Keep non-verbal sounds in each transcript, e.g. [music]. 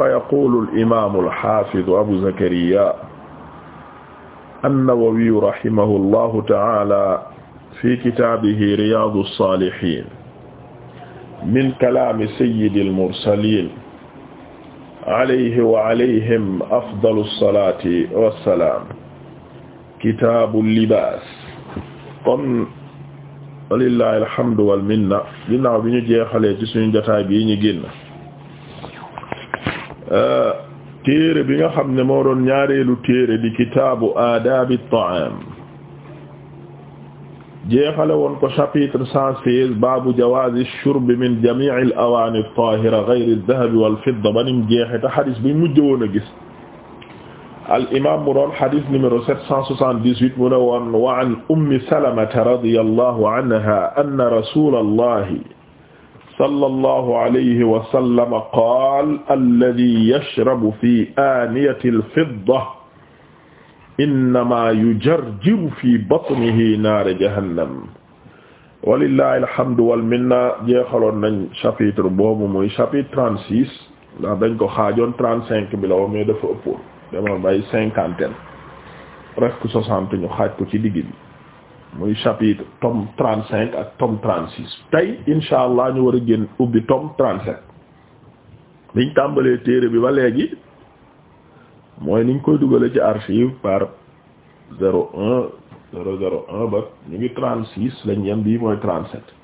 fa yaqulu al-imaamu al-haafidu abu zakariya an-nawawiyu rahimahu llahu ta'aala fi kitaabihi riyaadu saalihiin min kalaami sayyidil mursaliin alayhi wa alayhim afdalu salaati wa salaam kitaabu libaas kon walillaahi alhamdu wal minna ginnaaw bi ñu jeexalee ci suñu jotaay bii ñu génn téere bi nga xam ne moo doon ñaareelu téere di kitaabu aadaabi at-ta'aam jeexale woon ko chapitre cent seize baabu jawaazi ash-shurbi min jamii' al-awaani at-taahira ghayri adh-dhahabi wal-fidda banim jeexe te xadis bi mujj woon a gis al imaam mu doon xadis numéro sept cent soixante-dix-huit mu ne woon wa an ummi salamata radiyallahu anha anna rasuulallahi sallallahu alayhi wa sallam qaal alladi yashrabu fi aaniyati alfidda innama yujarjiru fi batnihi naara jahannam walillahi alhamdu wal minna jeexaloon nañ chapitre boobu muy chapitre trente six ndax dañ ko xaajoon trente cinq bi la woon mais dafa ëppoon demoon bay cinquantaine presque soixante ñu xaaj ko ci digg bi muy chapitre tom trente cinq ak tome trente six tey insha allah ñu war a génn ubbi tom trente sept liñ tàmbalee téere bi ba léegi mooy niñ koy dugale ci archive par zéro un zéro zéro un ba ñu ngi trente six lañ yem bii mooy trente sept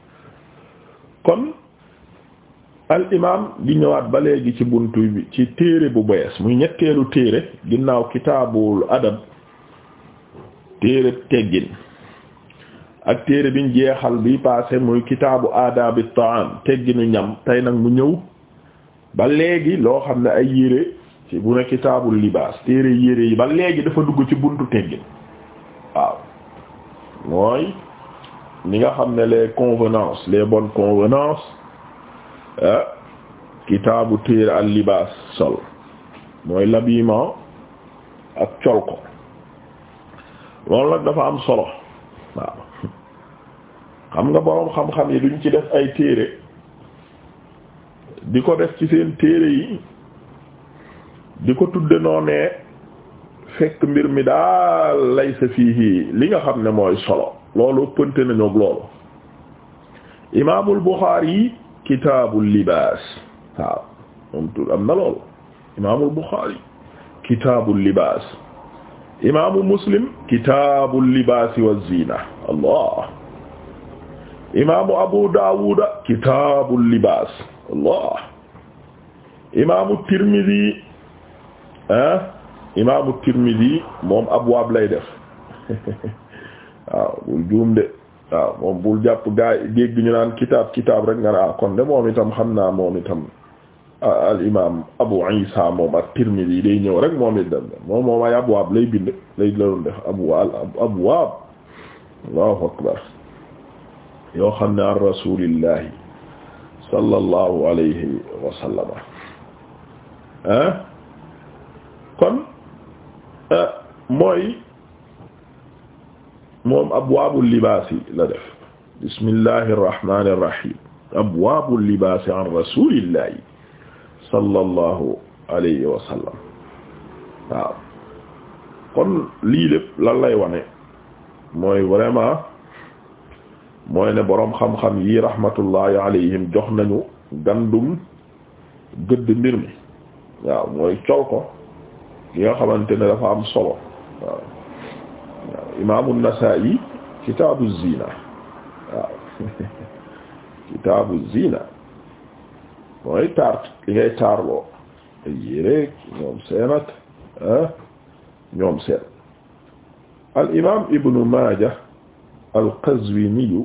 kon al imam di ñëwaat ba léegi ci buntu ci téere bu bees muy ñetteelu téere ginnaaw kitaabul adab téere teggin ak téere biñ jeexal bi passé muy kitaabu aadaabi taam tegginu ñam tey nag mu ñëw ba léegi loo xam ne ay yére ci bu ne kitaabul libaas téere yére yi ba léegi dafa dugg ci buntu teggin waaw mooy li nga xam ne les convenances les bonnes convenances ah, kitaabu téere ak libaas sol mooy l'habillement ak col ko loolu nag dafa am solo waaw am nga boroom xam-xam yi duñ ci def ay téere di ko def ci seen téere yi di ko tudde noonee fekk mbir mi daal lay sa fii li nga xam ne mooy solo loolu pënte nañu loolu imaamul Buxaari kitaabul libaas waaw moom tu am na loolu imaamul Buxaari kitaabul libaas imaamu Muslim kitaabul libaasi wa ziina allah imaamu Abu Dawud kitaabul libaas Allah imaamu Tirmidi ah imaamu Tirmidi moom abwaab lay def [laughs] waaw bul juum de waaw moom bul jàpp gaay dégg ñu naan kitaab kitaab rek nga ne ah, kon de moom itam xam naa moom itam ah, al imaam Abu Isa moom ak Tirmidi day ñëw rek moom it dem moom moom ay abwaab lay bind lay la doon def abwaal abwaab Allahu akbar yoo xam ne an rasulillahi sallallahu alayhi wa sallam ah kon euh, mooy moom abwaabul libaas yi la def bismillahi irrahmani irrahim abwaabul libaas an rasulillahi sallallahu alayhi wa sallam waaw kon lii lépp lan lay wane mooy vraiment mooy ne boroom xam-xam yi rahmatullahi alayhim jox nañu gandum gëdd mbir mi waaw mooy col ko li nga ne dafa am solo waaw waaw yi Nasaa'i kitaabu zina waaw [laughs] kitaabu zina mooy taar li ngay taarloo ay yéreeg ñoom seen ak ah, ñoom seen al imaam Ibnu Maaja al-Qazwiniyu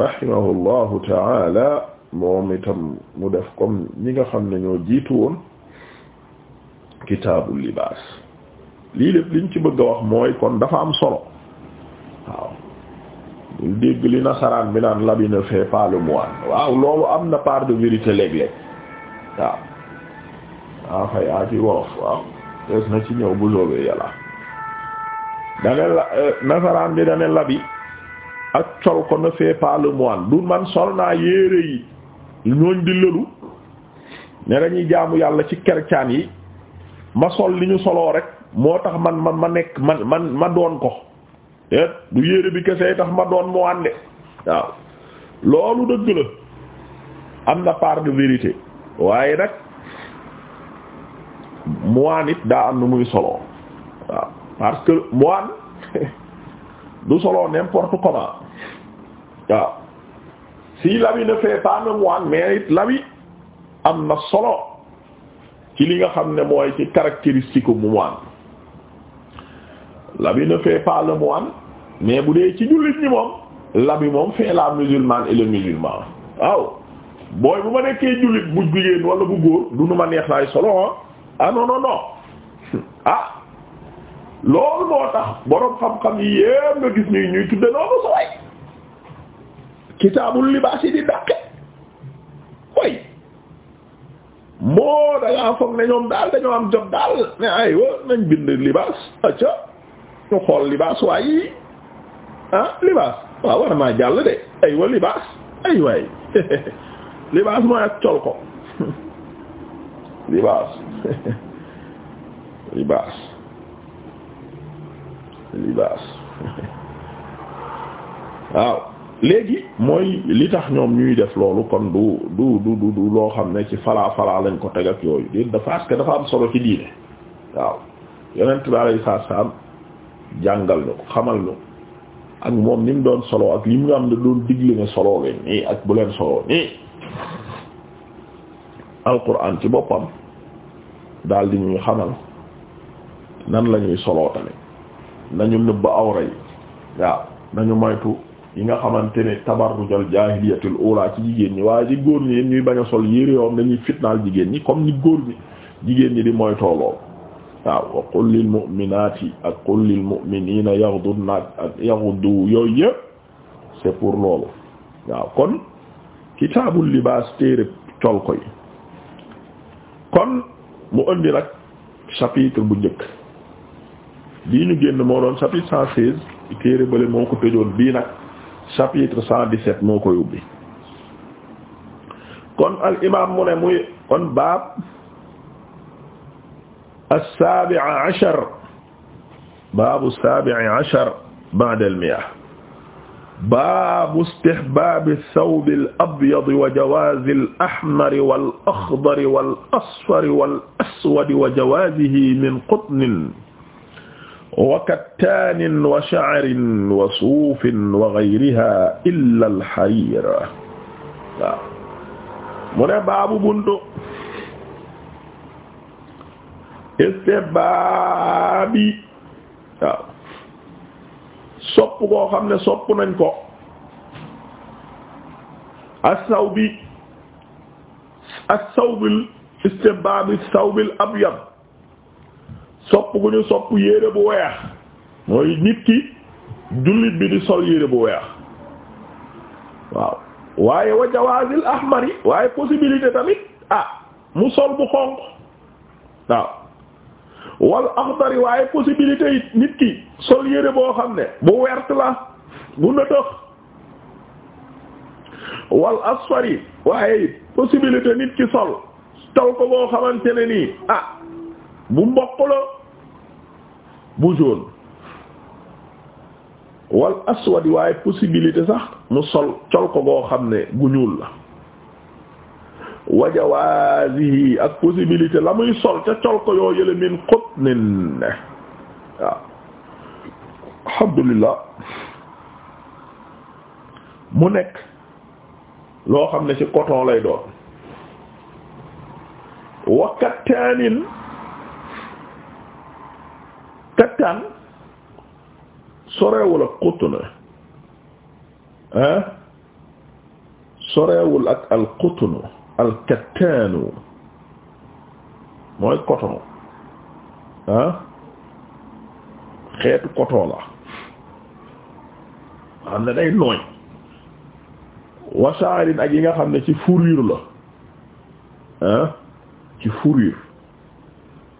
rahimahullahu taala moom itam mu def comme ñi nga xam ne ñoo jiitu woon kitaabul libaas lii lépp liñ ci bëgg a wax mooy kon dafa am solo waaw bul dégg li nasaraan bi naan l'habit ne fait pas le moine waaw loolu am na part de vérité léeg-léeg waaw waaw fay na ci ñëw bu soobee yàlla dane la eh, nasaraan bi dane labi ak col ko na fait pas le moine du man sol naa yére yi ñooñ di lëlu ne dañuy jaamu yàlla ci kercaan yi ma sol li ñu soloo rek moo tax man man ma nekk man ma doon ko eh, du yére bi kese tax ma doon moine de waaw loolu dëgg la am na part de vérité waaye nag moine it daa am na muy soloo waaw parce que moine du solo n'importe comment waaw si l'habit ne fait pas le moine mais it am na solo ci li nga xam ne mooy ci caractéristique bu moine l'habit ne fait pas le moine mais bu dee ci jullit ñi moom l'habit moom fait la musulmane et le musulman waaw booy bu ma nekkee jullit bu jigéen wala bu góor du nu ma neex solo ah. ah non non [laughs] ah loolu moo tax boroom xam-xam yi yépp nga gis ñuy ñuy tudde noonu sa way kitaabul libaas yi di dàqe way moo dangaa foog ne ñoom daal dañoo am jot daal ne ay wa nañ bind libaas acca ñu xool libaas waaye ah libaas waaw war naa jàll de ay wa libaas ay [laughs] mooy ak col ko [laughs] libaas [laughs] libaas libaas waaw léegi mooy li tax ñoom ñuy def loolu kon du du du du loo xam ne ci falaa falaa lañ ko teg ak yooyu dafa parce que dafa am solo ci diine waaw yonent bi alayhi salaam jàngal ñu xamal ñu ak moom ni mu doon solo ak li mu am doon digle ne solo leen nii ak bu leen solo nii alquran ci boppam daal di ñuy xamal nan la ñuy solo tamit nañu nëbb awra yi waaw nañu moytu yi nga xamante ne tabarrujal jaahiliyatul ula ci jigéen ñi waaye ci góor ñi ñuy bañ a sol yére yoom dañuy fitnaal jigéen ñi comme ni góor ñi jigéen ñi di moytoo lool waaw wa qul lil mu'minati ak qul lil mu'minina yaghdudna ak yaghdu yooyu yëpp c'est pour loolu waaw kon kitaabul libaas téere col ko yi kon mu indi nag chapitre bu njëkk lii ñu génn moo doon chapitre cent seize téere bële moo ko tëjoon bii nag chapitre cent dix-sept moo koy ubbi kon al imaam mu ne muy kon baab as-sabi'a ashar baabu as-sabi'a ashar ba'da al-mi'ah baabu istihbaabi ath-thawbi al-abyadi wa jawaazi al-ahmari wal-akhdari wal-asfari wal-aswadi wa jawaazihi min qutnin wa kattaanin wa sha'rin wa suufin wa ghayriha illa al-hariir mu ne baabu buntu istihbaabi waaw sopp koo xam ne sopp nañ ko as-sawbi as-sawbil istihbaabi as-sawbil abyad sopp gu ñu sopp yére bu weex mooy nit ki jullit bi di sol yére bu weex waaw waaye wa jawaazil ahmari waaye possibilité tamit ah mu sol bu xonq waaw wal axdari waaye possibilité nit ki sol yére boo xam ne bu wert la bu nëtëx wal asfari waaye possibilité nit ki sol tol ko boo xamante ne nii ah bu mboq la bu jaune wal aswad waaye possibilité sax mu sol col ko goo xam ne gu ñuul la wajawazihi ak possibilité la muy sol ca col ko yoo yële min qutnin waaw alhamdulillah mu nekk loo xam ne ci coton lay doon wakataanin Kattaan sorewul ak Qutna ah sorewul ak al Qutnu al Kattaanu mooy coton ah xeetu coton la xam ne day nooy wasaarin ak yi nga xam ne ci fourrure la ah ci fourrure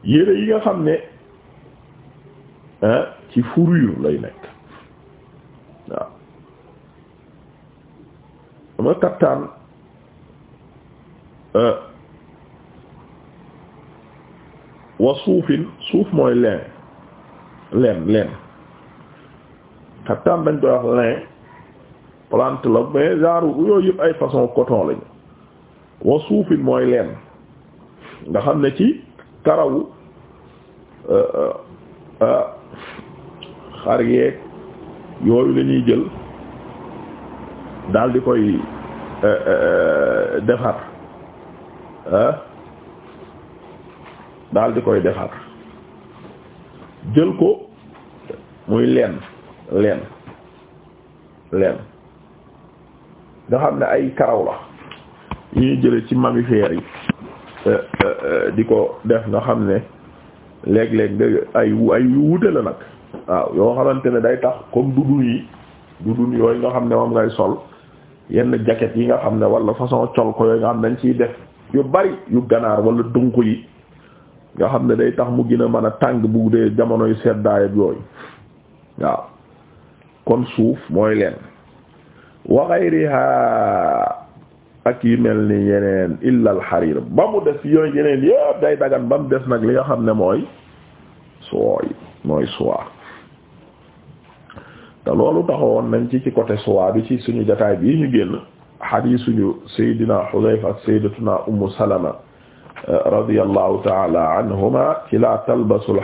yére yi nga xam ne ci fourrure lay nekk waaw ama kattaan euh, wa suufin suuf mooy leen leen leen kattaan dañ koy wax leen plante la mais genre yooyu yëpp ay façon coton lañu wa suufin mooy leen nga xam ne ci karawu euh, euh, xar yeeg yooyu la ñuy jël daal di koy euh, euh, euh, defar ah daal di koy defar jël ko muy leen leen leen nga xam ne ay karaw la yu ñuy jële ci mammifères yi di ko def nga xam ne léeg-léeg nga ay ay wuute la nag waaw yoo xamante ne day tax comme dudun yi dudun yooyu nga xam ne moom ngay sol yenn jaquette yi nga xam ne wala façon col ko yooyu nga xam ne dañ ciy def yu bari yu ganaar wala dunk yi nga xam ne day tax mu gën a mën a tàng bu dee jamonoy seddaayab yooyu waaw kon suuf mooy leen wa ghayriha ak yi mel ni yeneen illa al xariir ba mu des yooyu yeneen yëpp day dagan ba mu des nag li nga xam ne mooy sooy mooy soie te loolu taxawoon nañ ci ci côté suwaa bi ci suñu jotaay bii ñu génn xadiis suñu Seydina Xudayfa ak Seydatuna Ummu Salama euh, radiyallahu ta'ala anhuma ci la talbasul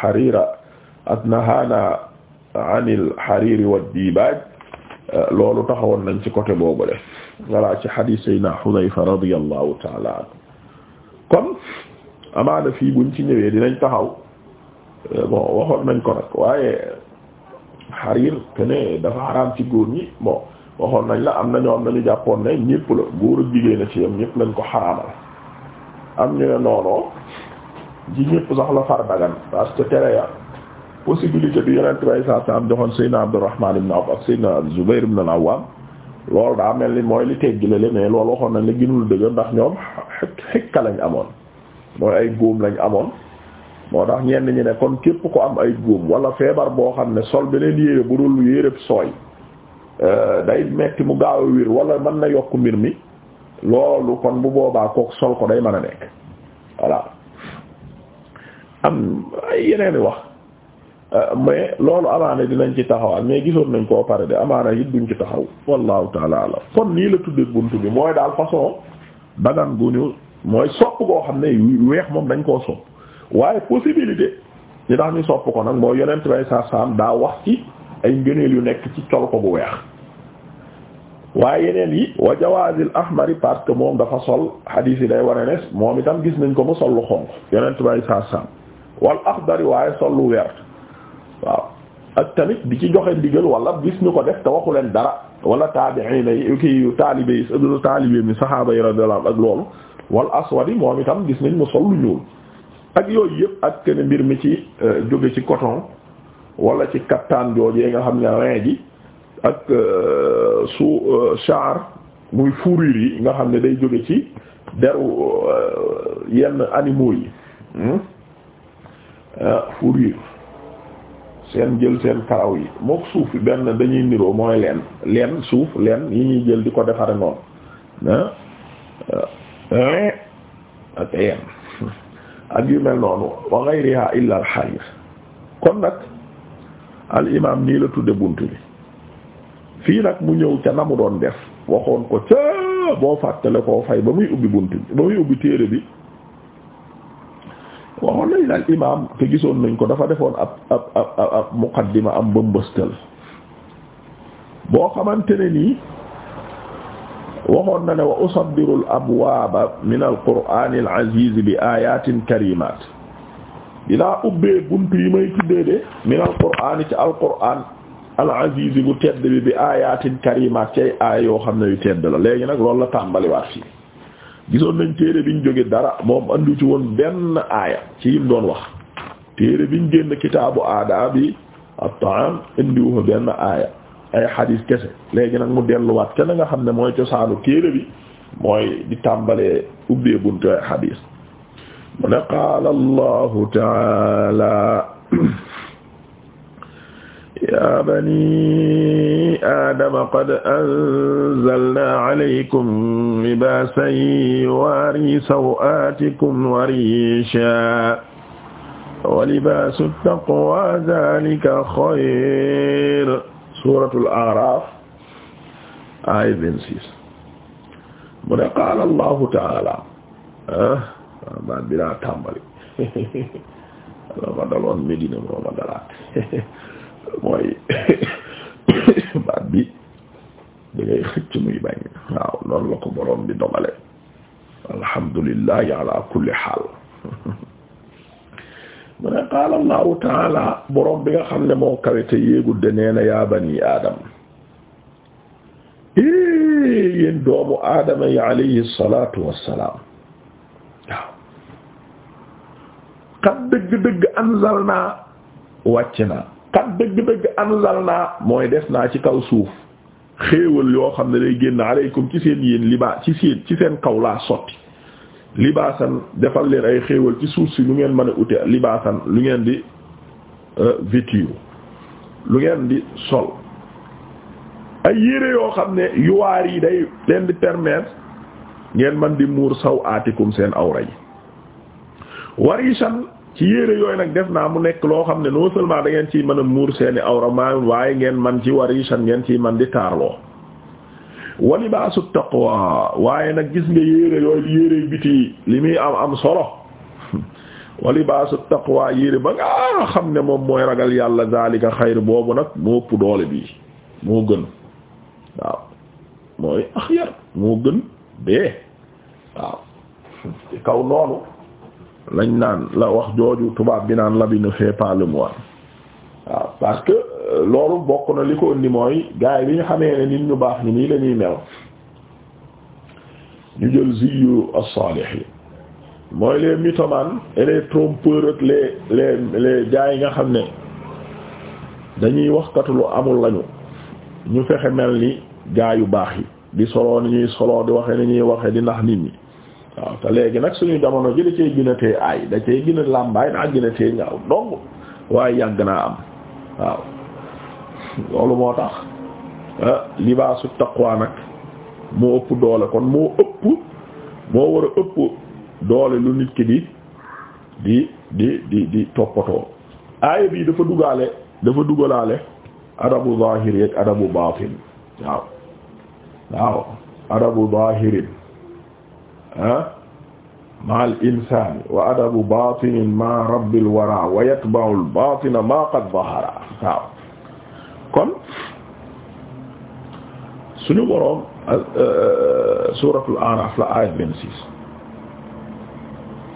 xariira euh, ak nahaana anil xariiri wad diibaaj euh, loolu taxawoon nañ ci côté boobu de voilà ci xadiis Seydina Xudayfa radiyallahu ta'ala anhu kon amaana fii buñ ci ñëwee dinañ taxaw bon waxoon nañ ko nag waaye xariir que ne dafa xaraam ci góor ñi bon waxoon nañ la am na ñoo am nañu jàppoon ne ñëpp la góor ak jigéen a ci yam ñëpp lañ ko xaraamal am ñu ne noonoo ci ñëpp sax la far dagan parce que tere ya possibilité bi yonent bay saa sa am joxoon Seydina Abdurrahman ibn Awf ak Seydina Zubair na al-Awwam loolu daa mel ni mooy li teggi la mais loolu waxoon nañ la gënul dëgg ndax ñoom xekka lañ amoon mooy ay góom lañ amoon moo tax ñenn ñi ne kon képp ko am ay góom wala feebar boo xam ne sol beneen yére bu dul yére sooy euh, day metti mu gaaw a wér wala mën na yokk mbir mi loolu kon bu boobaa kook sol ko day mën a nekk voilà am ay yeneen i wax euh, mais loolu amaana dinañ ci taxawaat mais gisoon nañ koo pare de amaana it duñ ci taxaw wallahu taala alam kon nii la tuddee bunt bi mooy daal façon dagan gu ñu mooy sopp goo xam ne weex moom dañ koo sopp waaye possibilité li tax ñu sopp ko nag moo yonent bay sarsam daa wax ci ay ngëneel yu nekk ci col ko bu weex waaye yeneen yi wa jawazil ahmari parce que moom dafa sol hadis yi day wane ne moom itam gis nañ ko mu sol lu xonq yonent bay sarsam wal akhdari waaye sol lu weer waaw ak tamit bi ci joxe ndigal wala gis ñu ko def te waxu leen dara wala tabi'ina yi kii taalibe yi taalibe mi saxaaba yi radiyallahu ak loolu wal aswadi moom itam gis nañ mu sol lu ñuul ak yooyu yëpp ak kenn mbir mi ci euh, jóge ci coton wala ci kattan joojee nga xam ne rein gi ak euh, su euh, char muy fourrure yi nga xam ne day jóge ci deru yenn animaux yi hmm? fourrure seen jël seen karaw yi mook suuf yi benn dañuy niroo mooy leen leen suuf leen yi ñuy jël di ko defare noonu ah? ak yenn ak yu mel noonu wa ghayriha illa al kon nag al imam nii la tudde bunt bi fii nag mu ñëw ca na mu doon def waxoon ko ca boo fàttale koo fay ba muy ubbi bunt bi ba muy ubbi téere bi waxoon nañ al imam te gisoon nañ ko dafa defoon ab ab ab muqaddima am mbëmbëstal boo xamante nii waxoon na ne wa usabbiru abwaaba min al qur'aan al aziz bi ayatin karimaat dinaa ubbee bunt yi may tuddee de min al qur'aan ci al qur'aan al aziz bu tedd bi bi ayatin karimaat ci aaya yoo xam ne yu tedd la léegi nag loolu la tàmbaliwaat fii gisoon nañ téere biñ jóge dara moom andu ci woon benn aaya ci yim doon wax téere biñ génn kitaabu aadaabi at-ta'aam indiwu fa benn aaya ay xadiis kese léegi nag mu delluwaat kenn nga xam ne mooy cosaanu téere bi mooy di tàmbalee ubbee buntu ay xadiis mu ne qaala allahu taala ya bani aadama qad anzalna alaykum libaasan yuwaari saw'aatikum wa riishan wa libaasu ttaqwa zaalika xayr suuratul A'raaf ay vingt mu ne qaala Allahu ta'aala ah baat la ma daloon Medina moo ma mooy baat bi da ngay xëcc muy bañ waaw noonu la ko boroom bi dogale alhamdulillahi ala haal mu ne qaala allahu taala borom bi nga xam ne moo kawete yéegul de nee yaa bani aadam é yéen doomu aadama yi alayhi salatu wassalaam waaw xat dëgg-dëgg anzal naa wàcc naa xat dëgg-dëgg anzal naa mooy def naa ci kaw suuf xéewal yoo xam ne day génn aleykum ci seen yéen libaa ci seen ci seen kaw laa sotti libaasan defal leen ay xéewal ci suuf si lu ngeen mën a uti libaasan lu ngeen di euh, vêtir lu ngeen di sol ay yére yoo xam ne yuwaar yi day leen di permettre ngeen man di muur saw aatikum seen awra yi warisan ci yére yooyu nag def naa mu nekk loo xam ne non seulement da ngeen ciy mën a muur seeni awra maa waaye ngeen man ci warisan ngeen ciy man di taarloo wa libaasu waaye nag gis nga yére yooyu yére biti li muy am am solo [laughs] wa libaasu yére ba nga xam ne moom mooy ragal yàlla zalika xayr boobu nag moo ëpp doole bii moo gën waaw mooy axyar moo gën bee waaw kaw noonu lañ naan la wax jooju tubaab bi naan l'habit ne fait pas waaw parce que euh, loolu bokk na li ko indi mooy gars yi bi ñu xamee ne nit ñu baax ñi nii lañuy ñuy mel ñu jël ziyu as-salihin mooy les mythomanes et les trompeurs ak les les yi nga xam ne dañuy waxkatu lu amul lañu ñu fexe mel ni gaa yu baax yi di soloo ni ñuy soloo di waxe ni ñuy waxe di nax nit ñi waaw te léegi nag suñu jamono ji da cee gën a tee aay da cee làmbaay daa gën a tee ñaaw dong waaye yàgg naa am waaw loolu moo tax ah, libaasu taqwa nag moo ëpp doole kon moo ëpp moo war a ëpp doole lu nit ki di di di di toppatoo aaya bii dafa dugaale dafa dugalaale adabu zahiri ak adabu batin waaw waaw adabu zahirin ah ma al insani wa adabu batinin ma rabbil wara wa yatba'u al batina ma qad zahara waaw kon suñu boroom euh, suratul araf la ayat vingt-six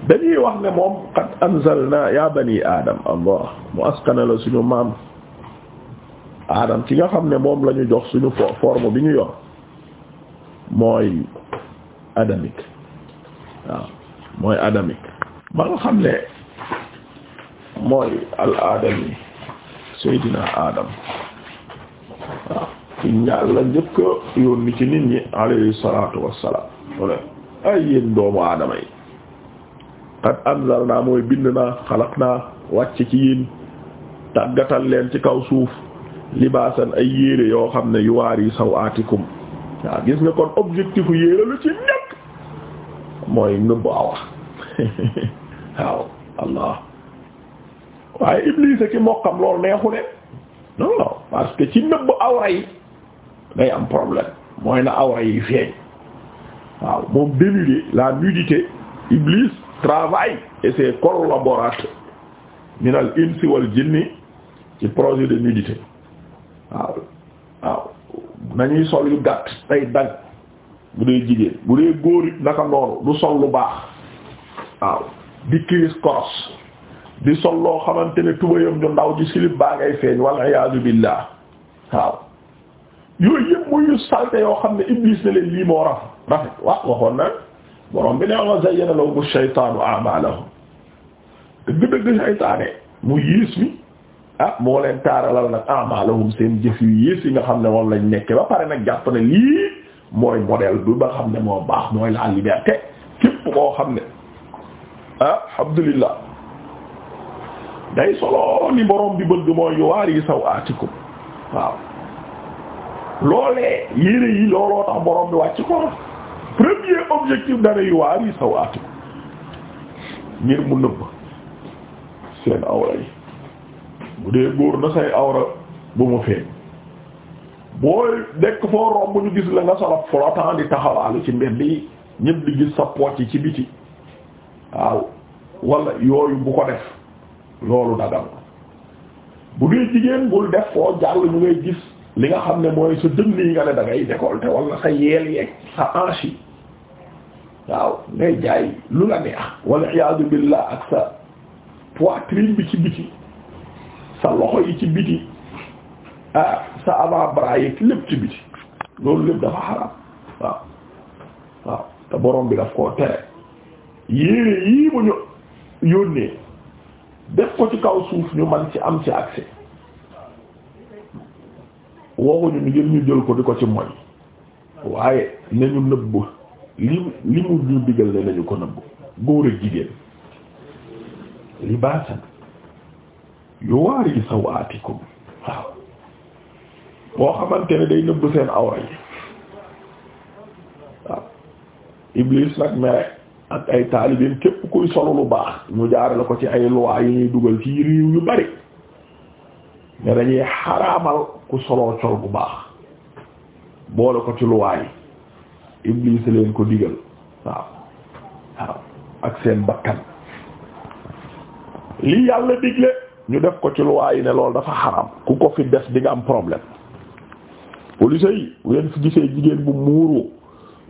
dañuy wax ne moom qad anzalna ya bani adam allah mu askana la suñu maam adam ki nga xam ne moom la ñu jox suñu forme bi ñu yor mooy adamik waaw mooy adami ba nga xam ne mooy al adami seydina adam waaw ci ñaar la njëkk yónni ci nit ñi alayhi salaatu wassalaam ay yéen doomu aadama yi qad anzalnaa mooy bind naa xalaq naa wàcc ci yéen tàggatal leen ci kaw suuf libaasan ay yére yoo xam ne yu waar yi saw aatikum waaw gis nga kon objectif yéere lu ci nekk mooy nëbb awa [laughs] waaw allah waaye Iblis ki mbokkam loolu neexu de non non parce que ci nëbb awra yi day am problème mooy na awra yi feeñ waaw moom dénudé la nudité Iblis travaille et ses collaborateurs min al insi wal ci projet de nudité waaw waaw nañuy sol yu gàtt day dagg bu dee jigéen bu dee góor naka noonu du sol lu baax waaw di kiris koros di sol xamante ne tubayam ñu ndaw ji silib baa ngay feeñ wal iyaazu billaah waaw yooyu yëpp muy yu salte yoo xam ne iblis ne leen lii moo rafet wax waxoon na borom bi ne wa zayyana lahum shaytaanu a'maalahum dëgg-dëgg shaytaane mu yiis mi ah moo leen taaralal nag a'maalahum seen jëf yu yiis yi nga xam ne moom lañ nekke ba pare nag jàpp ne lii mooy modèle bi ba xam ne moo baax mooy la liberté képp koo xam ne Ah, alhamdulillah day solo li borom bi bëgg mooy yu yi saw aatikum waaw loolee yére yi looloo tax borom bi wàcc ko premier objectif dara yu yi saw aatikum ngir mu nëbb seen awra yi bu dee góor na say awra bu mu feeñ boo dekk foo romb ñu gis la nga solo flottant di taxawaalu ci mbedd yi ñëpp di gis sa pocc ci biti waaw wala yooyu bu ko def loolu dagal bu dee jigéen bul def foo jàll ñu ngay gis li nga xam ne mooy sa dënn yi nga ne da ngay décolleté wala sa yeel yeeg sa hanche waaw ngay jaay lu la neex wala iyaadu billah ak sa poitrine bi ci biti sa loxo yi ci biti ah sa avant-bras yi lépp ci biti loolu lépp dafa xaraam waaw waaw te boroom bi daf koo tere yéere yii mu ñu yónnee def ko ci kaw suuf ñu man ci am ci accès waxuñu ñu ngir ñu jël ko di ko ci moy waaye nañu nëbb li li mu ñu digal ne nañu ko nëbb góor ak jigéen libaasan yuwaari sawaatikum waaw boo xamante ne day nëbb seen awra yi waaw iblis nag mere ak ay taalibeen képp kuy solo lu baax ñu jaare la ko ci ay loi yu ñuy dugal ci réew yu bari ne dañuy xaraamal ku soloo col bu baax boole ko ci loi Iblis leen ko digal waaw waaw ak seen bakkan li yàlla digle ñu def ko ci loi yi ne lool dafa xaraam ku ko fi def di am problème police yi ngeen fi gisee jigéen bu muuru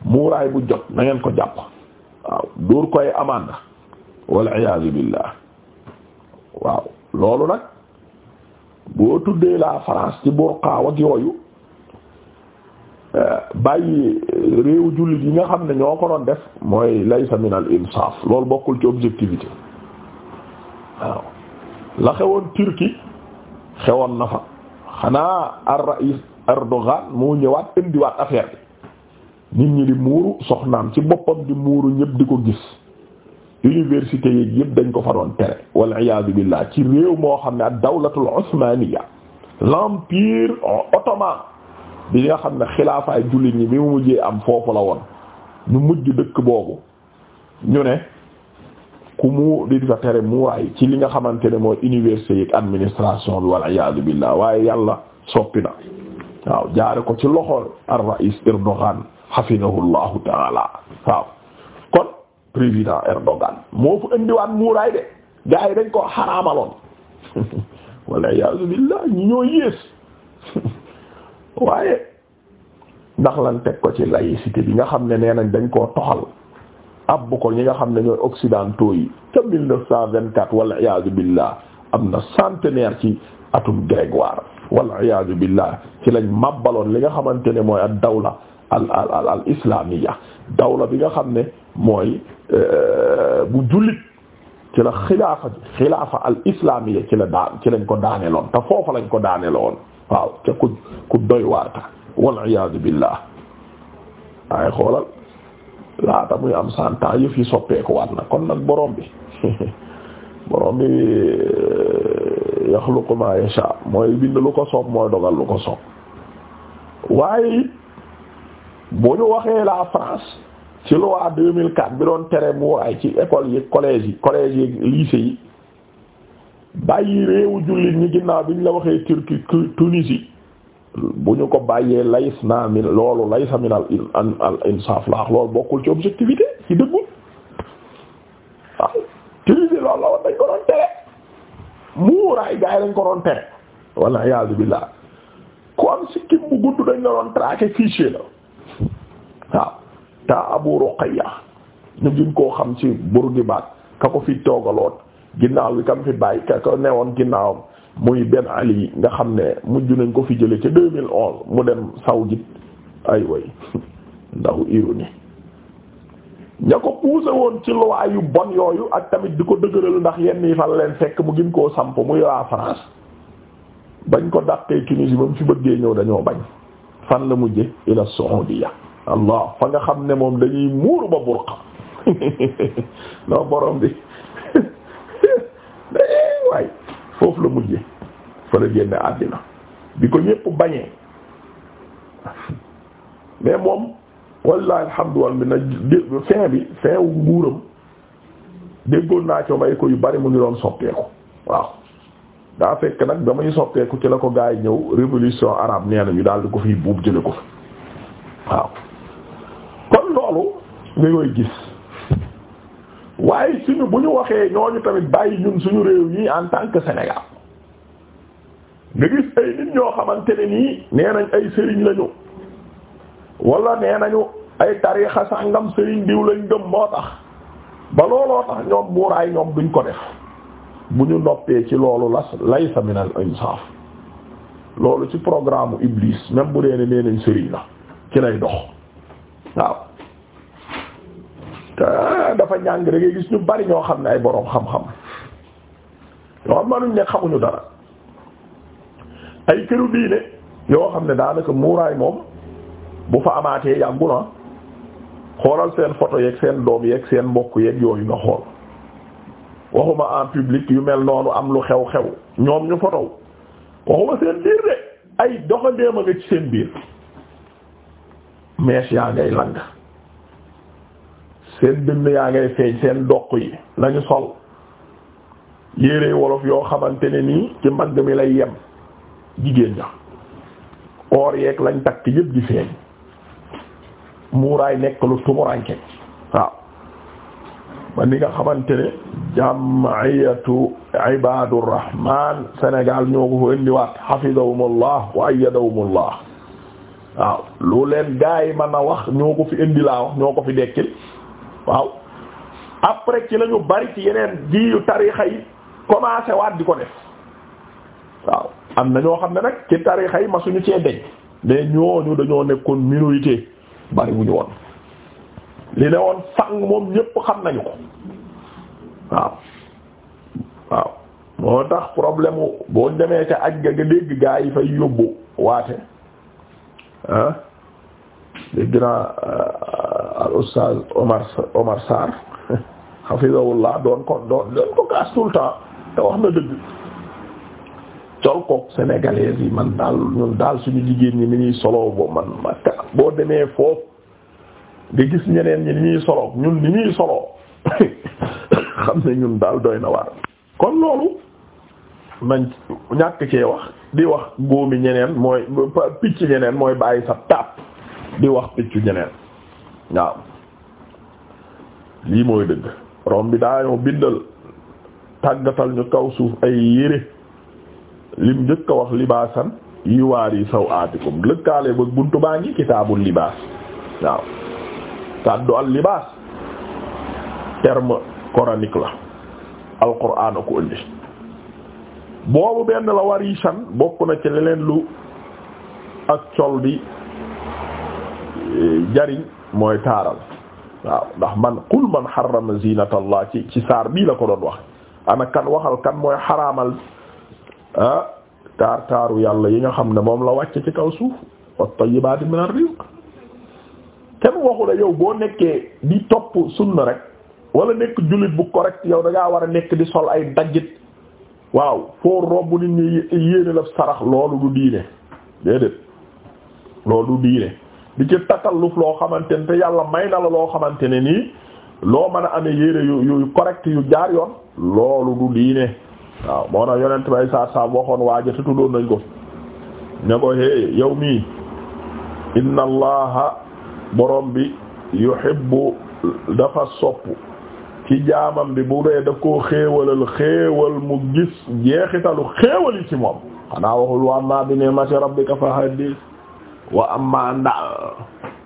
muuraay bu jot na ko jàpp waaw dóor koy amanda wal iyaazu billah waaw loolu nag boo tuddee la France ci burqaaw ak yooyu eh, bàyyi réewu jullit yi nga xam ne ñoo ko def mooy laysa min al insaaf loolu bokkul ci objectivité waaw la xewoon Turquie xewoon na fa xanaa ar-rais Erdogan moo ñëwaat indiwaat affaire bi nit ñi di muuru soxnaam ci boppam di muuru ñëpp di ko gis université yi yëpp dañ ko fa doon tere wal iyaadu billah ci réew moo xam ne ak dawlatul osmaniya l'empire ottoman bi nga xam ne xilaafaay jullit ñi bi mu mujjee am foofu la woon ñu mujj dëkk boobu ñu ne ku mu di fa tere muuraay ci li nga xamante ne mooy université yi administration bi wal iyaadu billah waaye yàlla soppi na waaw jaare ko ci loxo ar Erdogan hafidahullahu taala waaw kon président Erdogan moo fu indiwaat muuraay de gaa dañ ko xaraamaloon [laughs] walla iyaazu billaah ñoo yées [laughs] waaye ndax lan teg ko ci laïcité bi nga xam ne nee nañ dañ koo toxal abbu ko ñi nga xam ne ñooy occidentaux yi ca mille neuf cent vingt-quatre walla iyaazu billaah am na centenaire ci atum grégoire walla iyaazu billaah ci lañ màbbaloon li nga xamante ne mooy ad dawla al al al islamiya dawla bi nga xam ne mooy euh, bu jullit ci la xilaafa al islamiya ci la daan ci lañ ko daaneeloon te foofa lañ ko daaneeloon waaw ca ku ku doy waarta wal iyaadu billah waaye xoolal laata muy am santa ans yëf yi waat na kon nag borom bi [laughs] borom bi euh, yaxluqu ma yasha mooy bind lu ko soob mooy dogal lu ko soob waaye bu ñu waxee la France ci loi 2004 bi doon tere mu ci école yi collège yi collège yi lycée yi bàyyi réewu jullit ñi ginnaaw bi ñu la waxee Turquie Tunisie bu ñu ko bàyyee lays na mi loolu laysa min al al insaf la loolu bokkul ci objectivité ci dëggul waaw Tunisie loolu la woon dañ ko doon tere muuraay gaa dañ ko doon tere walla iyaazu billaah ku am sikkim bu gudd dañ la doon traquer fichier la waaw te Abu Ruqayya ñu gën koo xam ci Burdibaat ka ko fi toogaloon ginnaaw bi kam fi bàyyi ka ko newoon ginnaawam muy benn Ali nga xam ne mujj nañ ko fi jële ca 2011 mu dem Saoudite ay way [laughs] ndaw ironie ña ko puuse woon ci loi yu bon yooyu ak tamit di ko dëgëral ndax yenn yi fan leen fekk mu gën koo samp muy waa France bañ ko dàqee Tunisie ba mu fi bëggee ñëw dañoo bañ fan la mujje ila Saudiya allah fa nga xam ne moom dañuy muuru ba burqa [laughs] non borom bi [laughs] eh, waay foofu la mujje fa la génne àddina bi ko ñépp bañee [laughs] mais moom wallahi alhamdu wal minna fin bi fin wu nguuram déggoon naa ci may ko yu bari mu ngi doon soppeeku waaw daa fekk nag ba muy soppeeku ci la ko gaa yi ñëw révolution arabe nee na ñu daal di ko fiy buub jële ko fi waaw nga koy gis waaye suñu bu ñu waxee ñooñu tamit bàyyi ñun suñu réew yi en tant que nga gis ay nit ñoo xamante ne nii nee nañ ay sëriñ lañu wala nee nañu ay tariixa sàngam sëriñ diw lañ gëm moo tax ba looloo tax ñoom buuraay ñoom duñ ko def bu ñu noppee ci loolu las laysa min al loolu ci programme iblis même bu dee ne nee nañ sëriñ la ci lay dox waaw. dafa ñàng da ngay gis ñu bari ñoo xam ne ay boroom xam-xam yoo manuñ ne xamuñu dara ay këru diine yoo xam ne daanaka muuraay moom bu fa amaatee yàggu ah. xoolal seen photo yeeg seen doom yeeg seen mbokk yeeg yooyu nga xool waxuma en public yu mel noonu am lu xew-xew ñoom ñu fotow waxuma seen biir de ay doxandéem a nga ci seen biir mees yaa ngay lang seen dënn yaa ngay feeñ seen doq yi lañu sol yére wolof yoo xamante ne nii ci mbagg mi lay yem jigéen ña oor yeeg lañ takk yëpp di feeñ muuraay nekk lu tumuranke waaw ba ni nga xamante ne jamiyatu ibadur rahman Sénégal ñoo ko fa indiwaat hafidahumullah wa ayyadahumullah waaw lu leen gaa yi a wax ñoo ko fi indi laa wax ñoo ko fi dekkil waaw après ci lañu ñu bari ci yeneen ji yu tarixa yi commencé waat di ko def waaw am na ñoo xam ne nag ci tarixa yi ma suñu cee deñ mais ñooñu dañoo nekkoon minorité bari wuñu woon li ne woon fang moom ñépp xam nañu ko waaw waaw moo tax problème boo demee ca ak ga nga dégg gaa yi fay yóbbu waate ah dégg naa euh, al ustaz Omar Omar Sarr [laughs] hafizahullah doon ko doon doon ko gaas tout te wax na dëgg col koog yi man daal ñun daal suñu jigéen ñi ni ñuy solo bo man makka boo demee foofu nga gis ñeneen ñi ni ñuy soloo ñun ni ñuy soloo [laughs] xam ne ñun daal doy na waar kon loolu nañ ñàkk cee wax di wax góomi ñeneen mooy picc ñeneen mooy bàyyi sa tàpp di wax piccu ñeneen waaw lii mooy dëgg rom bi daañoo bindal tàggatal ñu kaw suuf ay yére lim njëkk a wax libaasan yi waar yi saw aatikum lëkkaale ba buntu baa ngi kitaabul libaas waaw kàddu al libaas terme coranique la al quraan a ko boobu benn la warisan bokk na ci leneen lu ak col bi jariñ mooy taaral waaw ndax man qul man harrama zinata allah ci ci saar bii la ko doon wax ana kan waxal kan mooy xaraamal ah taar taaru yàlla yi nga xam ne moom la wàcce ci kaw suuf wa tayyibaati min ar-rizq kenn waxu la boo nekkee di topp sunna rek wala nekk jullit bu correct yow da war a nekk di sol ay daggit waaw foo robb nit ñi yéene la sarax loolu du diine déedéet loolu du diine di ci loo xamante ne te yàlla may loo xamante ne nii loo mën a amee yére yu yu correct yu jaar yoon loolu du diine waaw moo yonent bay saa saa waxoon waaja te tuddoon nañ ko ne ko hee yow mii inna allaha borom bi yuhibbu dafa sopp ci bi bu dee daf koo xéewalal xéewal mu gis jeexitalu xéewal yi ci moom xanaa waxul wa amma bi ni'mati rabbika fa hadith wa amma ndaal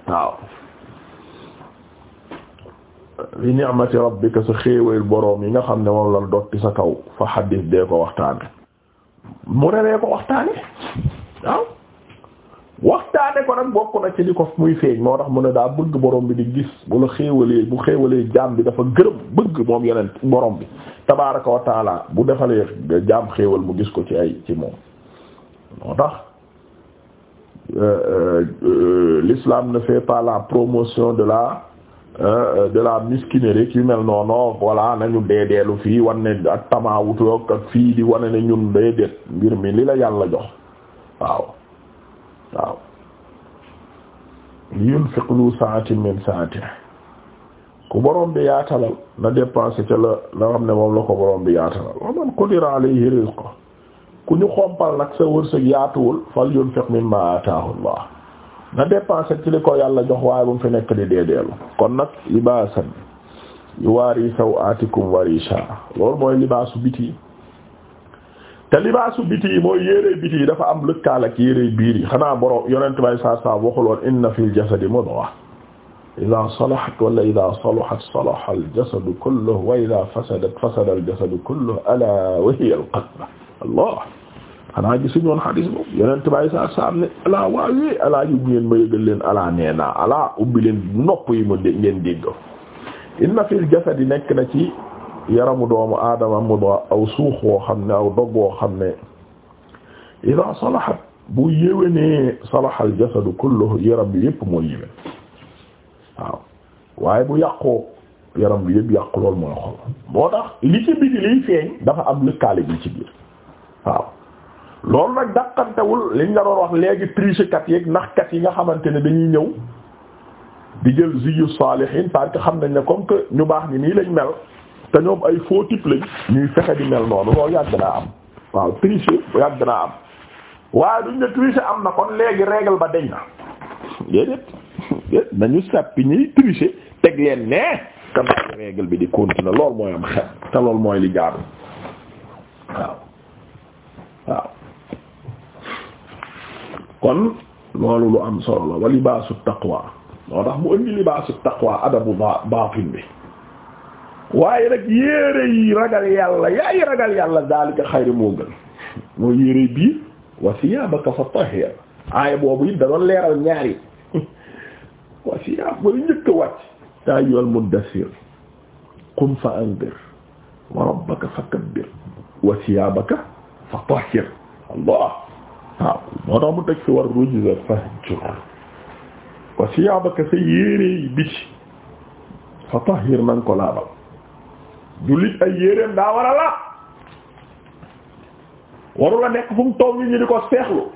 waaw li ni'mati rabbika sa xéewal boroom yi nga xam ne moom la dotti sa kaw fa xaddis dee ko waxtaane mu ne ko waxtaane waaw waxtaane ko nag bokk na ci li ko muy feeñ moo tax mu ne daa bëgg borom bi di gis bu la xéewalee bu xéewalee jaam bi dafa gërëm bëgg moom yeneen boroom bi tabaaraka wa bu defalee jaam xéewal mu gis ko ci ay ci moom moo tax Euh, euh, euh, l'islam ne fait pas la promotion de la de la miskinerie yu mel noonu voilà nañu deedeelu fii wan ne ak tamaawutoog ak fii di wane ne ñun deedeet mbir mi li la yàlla jox waaw waaw li yunfiq lu sa'atin min ku borom bi yaatalal na dépenser ca la la xam ne moom la ko borom bi yaatalal wa man qudira alayhi rizquhu ku ñu xompal nag sa wërsëg yaatuwul fal yunfiq mimma ataahu Allah na dépenser ci li ko yàlla jox waaye bu mu fi nekk di deedeelu kon nag libaasan yuwaari sawaatikum warisha loolu mooy libaasu biti te libaasu biti mooy yére biti yi dafa am lëkkaal ak yére biir yi xanaa borom yonent bay saa saa waxuloon inna fil jasadi mudgha idaa salahat wala idaa salahat salaha al jasadu kulluhu wa idaa fasadat fasada al jasadu kulluhu alaa wa hiya al qalb allah xanaa gisuñu woon xadis boobu yonent leen alaa nee naa alaa ubbi leen nopp yi ma dégg ngeen dégg inna fil jasadi nekk na ci yaramu doomu aadama mu aw suux woo xam ne aw dog woo xam ne idaa salahat bu yéwénee salahal jasadu yaram bi yëpp mooy yéwén waaye bu yàqoo yaram bi yëpp yàqu loolu mooy xol moo tax ci biti liy dafa am lëkkaale ci biir waaw loolu nag dàqantewul liñ la doon wax léegi trichekat yeeg naxkat yi nga xamante ne dañuy ñëw di jël ziyu saalihiin parce xam nañ ne comme que ñu baax ni nii lañ mel te ñoom ay faux type lañ ñuy fexe di mel noonu loolu yàgg naa am waaw triche yàgg naa am waaye duñ ne triche am na kon léegi règle ba deñ na déedéet déet nañu sàppi ñuy tricher teg leen ne ka bàyyi règle bi di continuer loolu mooy am xel te loolu mooy li jaadu waaw waaw kon loolu lu am solo la wa libaasu taqwa moo tax mu indi libaasu taqwa adabu ba baatin bi waaye nag yére yi ragal yàlla yaay ragal yàlla daalika xayri moo gën moo yére bii wa siyaabaka fa tahhir aaya boobu it da doon leeral ñaari [laughs] wa siyaab ba njëkk wàcc yaa ayyuhal muddassir qum fa anzir wa rabbaka fakabbir wa siyaabaka fa tahhir allah waaw moo mu teg fi war rujza fahjur wa siyaabaka sa yére yi biti fa tahhir na nga ko laabal jullit ay yéreem daa war a laab la nekk fu mu toog nit ñi di ko seexlu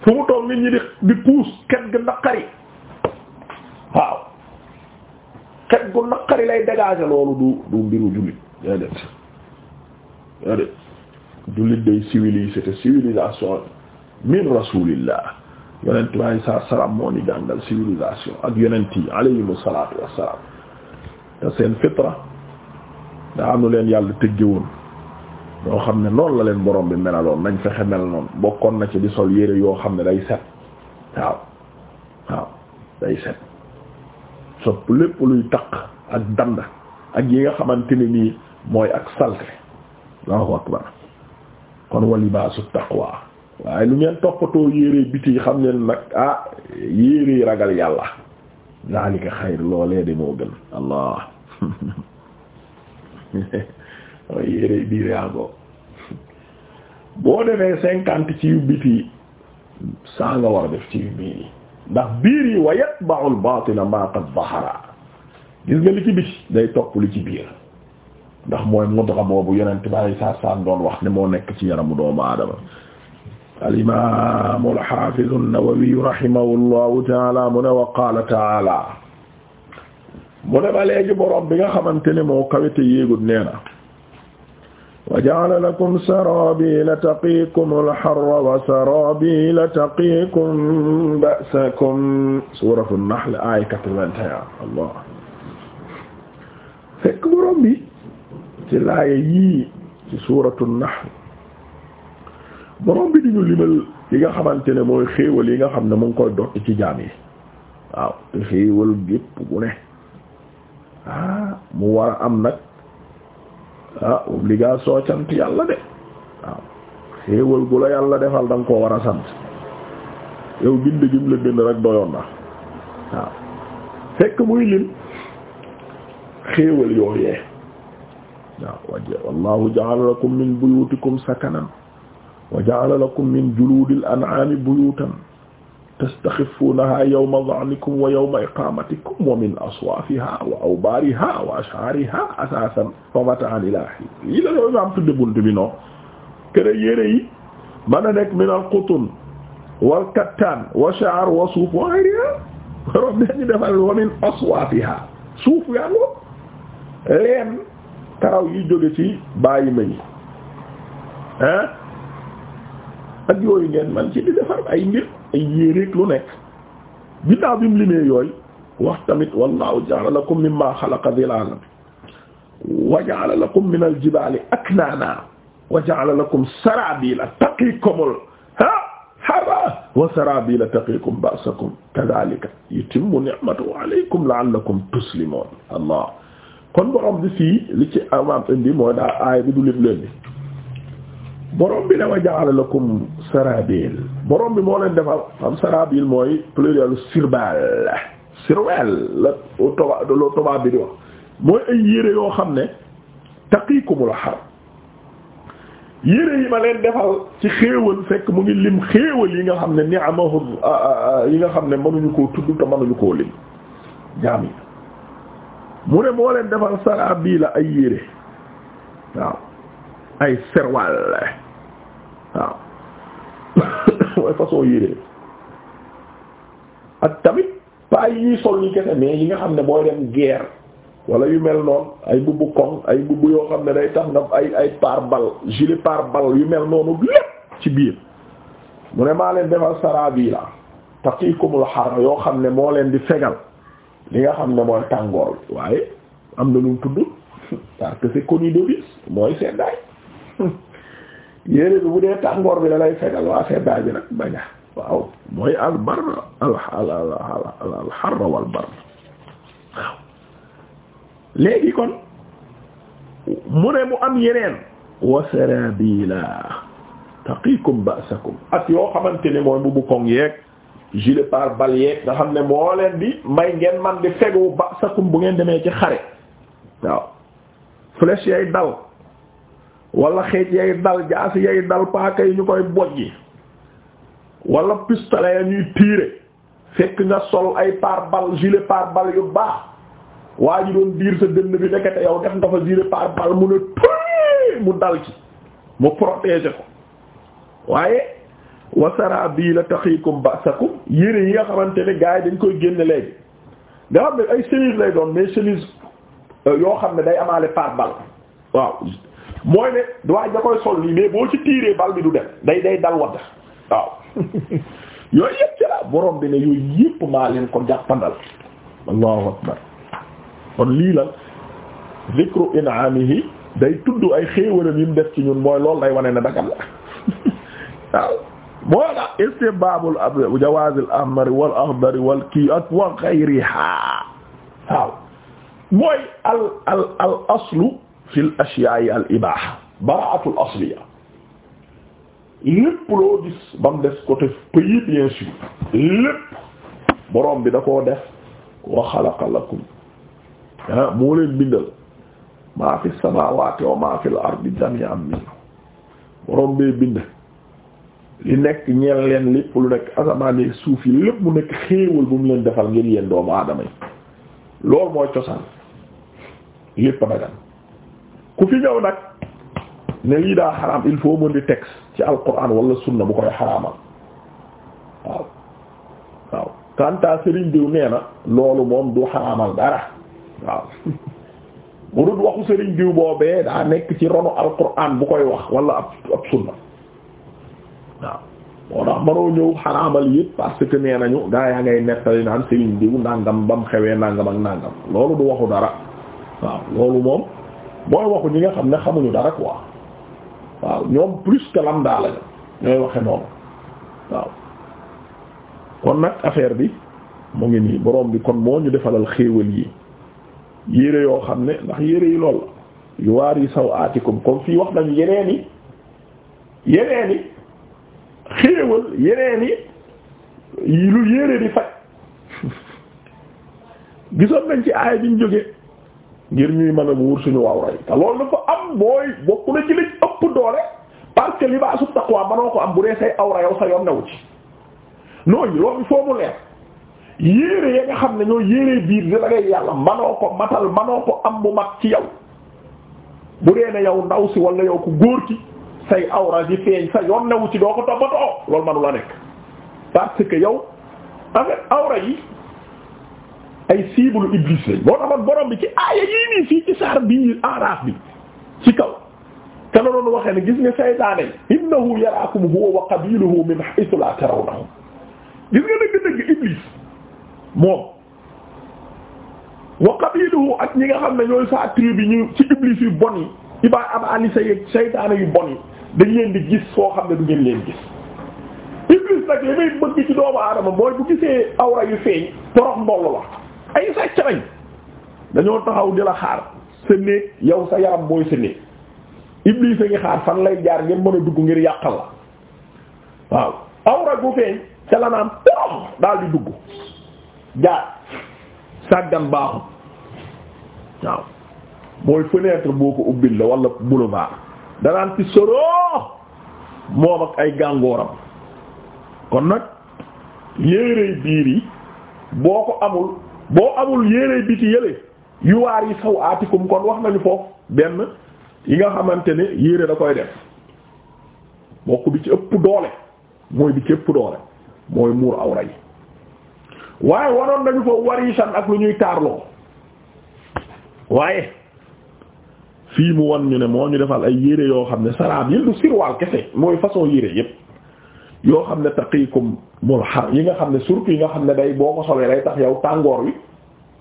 fu mu toog nit ñi di di puus ket gu naqari waaw ket gu naqari lay dégager loolu du du mbiru jullit déedéet déedéet jullit day civilisé te civilisation min rasulillah yonent bi alei salaatu salaam moo ni jàngal civilisation ak yonent yi alayhimu salaatu wassalaam te seen fitra daa am leen yàlla tëgge woon ñoo xam ne noonu la leen borom bi melaloon nañ fexe mel noonu bokkoon na ci di sol yére yoo xam ne day set waaw waaw day set sopp lépp luy taq ak dand ak yi nga xamante ne nii mooy ak salte Allahu akbar kon wa libaasu waaye lu ngeen toppatoo yére biti yi xam ngeen nag ah yére ragal yàlla zalika xayr loolee de moo gën allah [laughs] mooy yére biir yàggoo boo defee cinquante ci yu biti saa nga war a def ci yu biir yi ndax biir yi wa yatba'u al-batina ma qad gis nga li ci biti day topp li ci biir ndax mooy mudra boobu yonent bi alayhi salaatu salaam doon wax ne moo nekk ci yaramu doomu aadama al-imaam al-haafiz an-Nawawi rahimahullahu ta'ala mu ne wa qaala ta'ala mu ne ba léegi borom bi nga xamante ne moo kawite yéegut nee na wa ja'ala lakum saraabiila taqiikum al-harra wa saraabiila taqiikum ba'sakum suuratu an-Nahl aaya 81 Allah fekk borom bi ci laaya yii ci suuratu nahl borom bi di ñu limal li nga xamante ne mooy xéewal yi nga xam ne mu ngi koy dotti ci jaam yi waaw te xéewal gépp gu ne ah, mu war a am nag ah obligation cant yàlla de waaw xéewal gu la yàlla defal da nga koo war a sant yow bind gim la bind rek doyoon na waaw fekk muy lim xéewal yooyee waaw waje wallahu ja'ala lakum min buyutikum sakanan wa ja'ala lakum min juludil an'ami buyutan tastaxifuunaha yawma dha'nikum wa yawma iqamatikum wa min aswafiha wa awbariha wa ash'ariha asasan wa mata'an ila hin lii la loolu am tudde bunt bi noonu kër yére yi mën a nekk min al qutun wal kattan wa sha'r wa suuf wa ghayriha rob dañu defal wa min aswafiha suuf yaa ngo leen karaw yi jóge ci bàyyi ma yi hein ak yooyu ngeen man ci di defar ay mbir ay yéreek lu nekk ginnaaw bi mu limee yooyu wax tamit wallahu ja'ala lakum mimma xalaqa dhilaalan wa ja'ala lakum min al-jibaali aknaana wa ja'ala lakum saraabiila taqiikumul hara wa saraabiila taqiikum ba'sakum kadhaalika yutimmu ni'matahu alaykum la'allakum tuslimuun allah kon borom bi fii li ci amaam indi mooy daa aay bi du lépp leen bi borom bi dama ja'ala lakum sarabil borom bi moo leen defal am sarabil mooy pluriel sirbal sirbal la tubaab di wax mooy ay yére yoo xam ne taqiikumul har yére yi ma leen defal ci xéewal fekk mu ngi lim xéewal yi nga xam ne ni'amahu yi nga xam ne mënuñu koo tudd te mënuñu koo lim jaam mu ne moo leen defal sara bii la ay yére waaw ay serwal waaw [coughs] mooy façon yére ak tamit pas yi sol yu kese mais yi nga xam ne booy dem guerre wala yu mel noonu ay bubbu koŋ ay bubbu yoo xam ne day tax nga ay ay pare-balles gilet pare yu mel noonu lépp ci biir mu ne maa leen defal sara bii la taqiikumul xar yoo xam ne moo leen di fegal li nga xam ne mooy tàngoor bi waaye am na lu mu tudd parce que c'est connu de tous mooy seddaay yére bi bu dee tàngoor bi da lay fegal waa seddaay bi nag baña waaw mooy al bar al al al xar wal bar waaw léegi kon mu ne mu am yeneen wa sarabila taqikum ba'sakum ak yoo xamante ni mooy bu bu koŋ gilet pare-balles yeeg nga xam ne moo leen di may ngeen man di fegu ba sakum bu ngeen demee ci xare waaw flèche yay dal wala xeej yay dal jaasi yay dal paaka yi ñu koy bojji wala pistolet ya ñuy tiire fekk nga sol ay pare-balles gilet pare ball yu baax waa ji doon diir sa dënn bi nekkete yow def nga fa gilet pare-balles mu ne mu dal ci mu protéger ko waaye wasara bii la taxiikum basakum yére yi nga xamante ne gars yi dañ koy génne léegi nga xam ne ay chemise lay doon mais chemise euh, yoo xam ne day amaale par bal waaw mooy ne duwaay da koy sol nii mais boo ci tiiree bal bi du dem day day dal wadd waaw [laughs] yooyu yëpp ci la borom bi ne yooyu yëpp maa leen ko jàppandal allahu akbar kon lii la zikru in'amihi day tudd ay xéewalam yi mu def ci ñun mooy loolu day wane ne dagal la [laughs] waaw moo tax istihbaabul jawaazil ahmar wal axdari wal kii ak wa xayrihaa waaw mooy al al al aslu fil ashyaa'i al ibaaha bara'atul asliya lépp loo gis ba mu des côté pays bien sûr lépp borom bi da koo def wa xalaqa lakum ah moo leen bindal maa fi samaawaati wa maa fil ardi jamii'an minhu borom bee bind. li nekk ñeel leen lépp lu nekk asamaan suuf yi lépp mu nekk xéewal bu mu leen defal ngir yéen doomu aadama yi loolu mooy cosaan lépp dagan ku fi ñëw nag ne lii daa xaraam il faut mën di texte ci alquran wala sunna bu koy xaraamal waaw waaw kanta Serigne diw nee loolu moom du xaraamal dara waaw mu [laughs] dut waxu Serigne diw boobee daa nekk ci ronu alquran bu koy wax wala ab ab sunna waaw moo tax manoo ñëw xaraamal yëpp parce que nee nañu gaa yaa ngay nettali naan Serigne diw ba mu xewee nangam ak nangam loolu du waxu dara waaw loolu moom mooy waxu ñi nga xam ne xamuñu dara quoi waaw ñoom plus que lambda ñooy waxe noonu waaw kon nag affaire bi mu ngi nii borom bi kon moo ñu defalal xéewal yi yére yoo xam ne ndax yére yi lool la yu waar yi saw aatikum comme fii wax nañu yeneen yi yeneen yi xéewal yeneen yi lu yére di faj gisoon nañ ci aaya biñ jóge ngir ñuy mën a wuur suñu waaw rey te loolu dafa am booy bokku na ci lañ ëpp doole parce que libaasu taqwa manoo ko am bu dee say awra yow sa yoon newu ci nooñu loolu foo mu leer yére ya nga xam nañoo ñoo yére biir di la ngay yàlla manoo ko matal manoo ko am bu mag ci yow bu dee ne yow ndaw si walla yow ku góor ki say awra yi feeñ sa yoon newu ci doo ko toppatoo loolu manu la nekk parce que yow en fait awra yi ay cible iblis lañ boo taxoon borom bi ci aaya yii nii fii ci saar bii bi ci kaw te la waxee ni gis nga saytaane innahu yaraakum huwa wa qabiluhu min haythu la tarawnahum gis nga dëgg-dëgg iblis moom wa qabiluhu ak ñi nga xam ne ñooy sa tribu bi ñu ci iblis yu bon yi ibaa ab ali say saytaane yu bon yi dañ leen di gis foo xam ne du ngeen leen gis Iblis nag li may bëgg ci dooma aadama mooy bu gisee awra yu feeñ torox mboll la ay sàcc lañ dañoo taxaw di la xaar sa néeg sa yaram mooy sa Iblis a ngi xaar fan lay jaar ngeen mën a dugg ngir yàqal la waaw awra gu feeñ ca la naan di dugg jaar sàggan baaxul waaw mooy fenêtre boo ko ubbil la wala boulevard danaan ci soroox moom ak ay gàngooram kon nag yéerey biir yi boo ko amul boo amul yéerey biti yële yu waar yi saw aatikum kon wax nañu foofu benn yi nga xamante ne yéere da koy def bokk bi ci ëpp doole mooy bi ci ëpp doole mooy muur awra yi waaye waroon nañu foofu warisan ak lu ñuy taarloo waaye fii mu wan ñu ne moo ñu defal ay yére yoo xam ne saraabil du sirwaal kese mooy façon yére yépp yoo xam ne taqiikum mul yi nga xam ne surtout yi nga xam ne day boo ko solee day tax yow tàngoor wi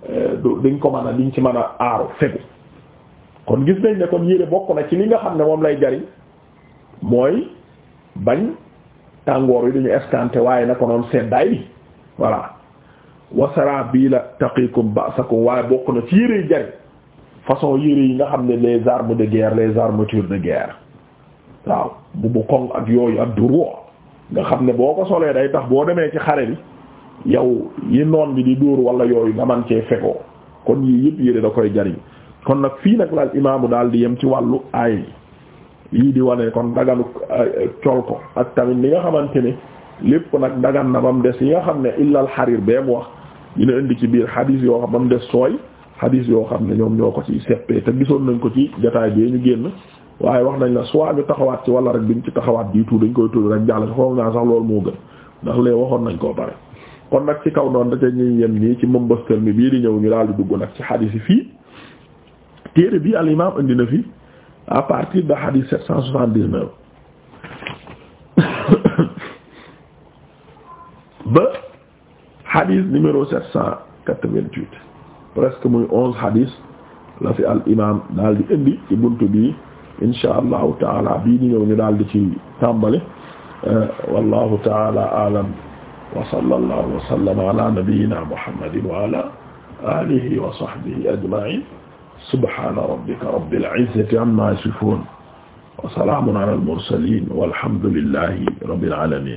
eh, du diñ ko mën a diñ ci mën a aaru fegu kon gis nañ ne kon yére bokk na ci li nga xam ne moom lay jariñ mooy bañ tàngoor wi duñu escanté waaye na ko noon seddaay bi voilà wasaraabiila taqiikum ba'sakum waaye bokk na ci yére jariñ façon yére yi nga xam ne les armes de guerre les armatures de guerre waaw bu bu koŋ ak yooyu ak duroo nga xam ne boo ko solee day tax boo demee ci xare bi yow yi noon bi di dóor wala yooyu nga man cee fegoo kon yii yëpp yére da koy jariñ kon nag fii nag laal imaamu daal di yem ci wàllu aay yii di wane kon daganu col ak tamit li nga xamante ne lépp nag dagan na ba mu des yi nga xam ne illal xarir bee mu wax dina indi ci biir xadiis yoo xam ba mu des xadiis yoo xam ne ñoom ñoo ko ci seppee te gisoon nañ ko ci jotaay bi ñu génn waaye wax nañ la soit ñu taxawaat ci wala rek duñ ci taxawaat jiitu dañ koy tudd rek jàll foofu naa sax loolu moo gën ndax lee waxoon nañ koo pare kon nag ci kaw noonu da ca ñuy yem nii ci mëmbastal mi bii di ñëw ñu daal dugg nag ci xadiis yi fii téere bi al imam indi na fi à partir xadiis sept cent soixante-dix-neuf [coughs] ba xadiis numéro sept cent quatre-vingt-huit presque muy onze hadis la fi al imam daal di indi ci buntu bi insha allahu taala bii di ñëw ñu daal di ci tàmbali eh, wallahu taala alam wa sallallahu wa sallama ala nabiyyina muhammadin wa ala alihi wa sahbihi ajma'in subhana rabbika rabbil izzati amma yasifun wa salamun ala al mursalin walhamdulillahi rabbil alamin